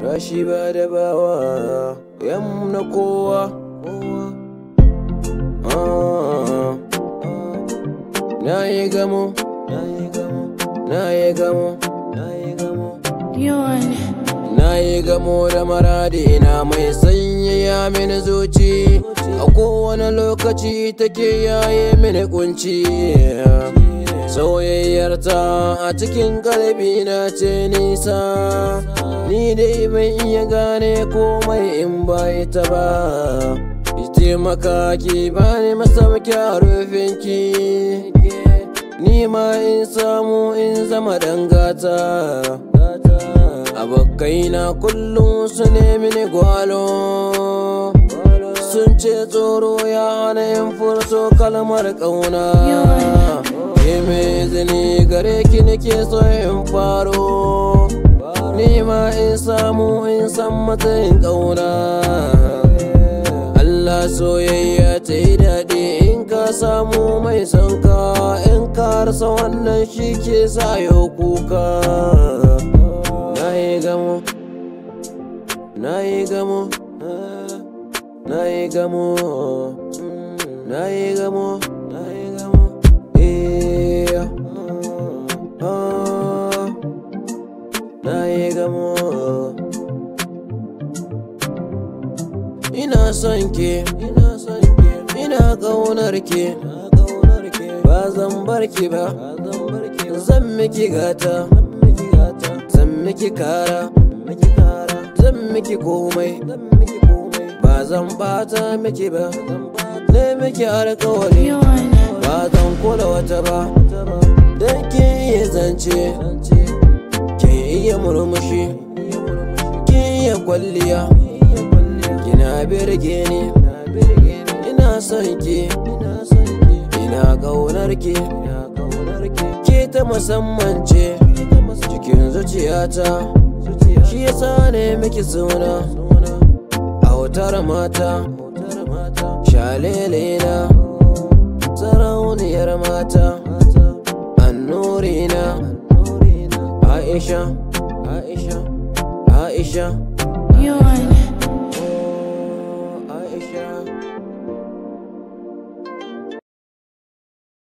Rashi ba da bawa yam na kowa ah. Na yi gamo Na yi gamo Na yi gamo da maradi na mai sanyaya mini zuci A kowane lokaci take yaye mini kunci soyayyarta a cikin kalbi na ce nisa ni dai ban iya gane komai in ba ita ba ite makaki ba ne masauki a rufinki ni ma in samu in zama dangata abokaina kullum su ne mini gwalo sun ce tsoro ya hana in furso kalmar ƙauna Ke mai izini gare ki nake so in faro ma in samu in san matsayin ƙauna Allah soyayya ta yi daɗi in ka samu mai sanka in ka rasa wannan shi ke sa yau kuka Na yi gamo Na yi gamo Na yi gamo Na yi gamo amor ina son ke ina son ke ina kaunar ke ba zan bar ki ba zan miki gata zan miki kara zan miki komai ba zan bata miki ba ne miki alkawari ba zan kula wata ba iya murmushi kin iya kwalliya kina birge ni ina son ki ina kaunar ki ke ta musamman ce cikin zuciyata shi yasa ne miki zuna a wutar mata shalele na sarauniyar mata annurina aisha Aisha, Aisha. You want it. Oh, Aisha.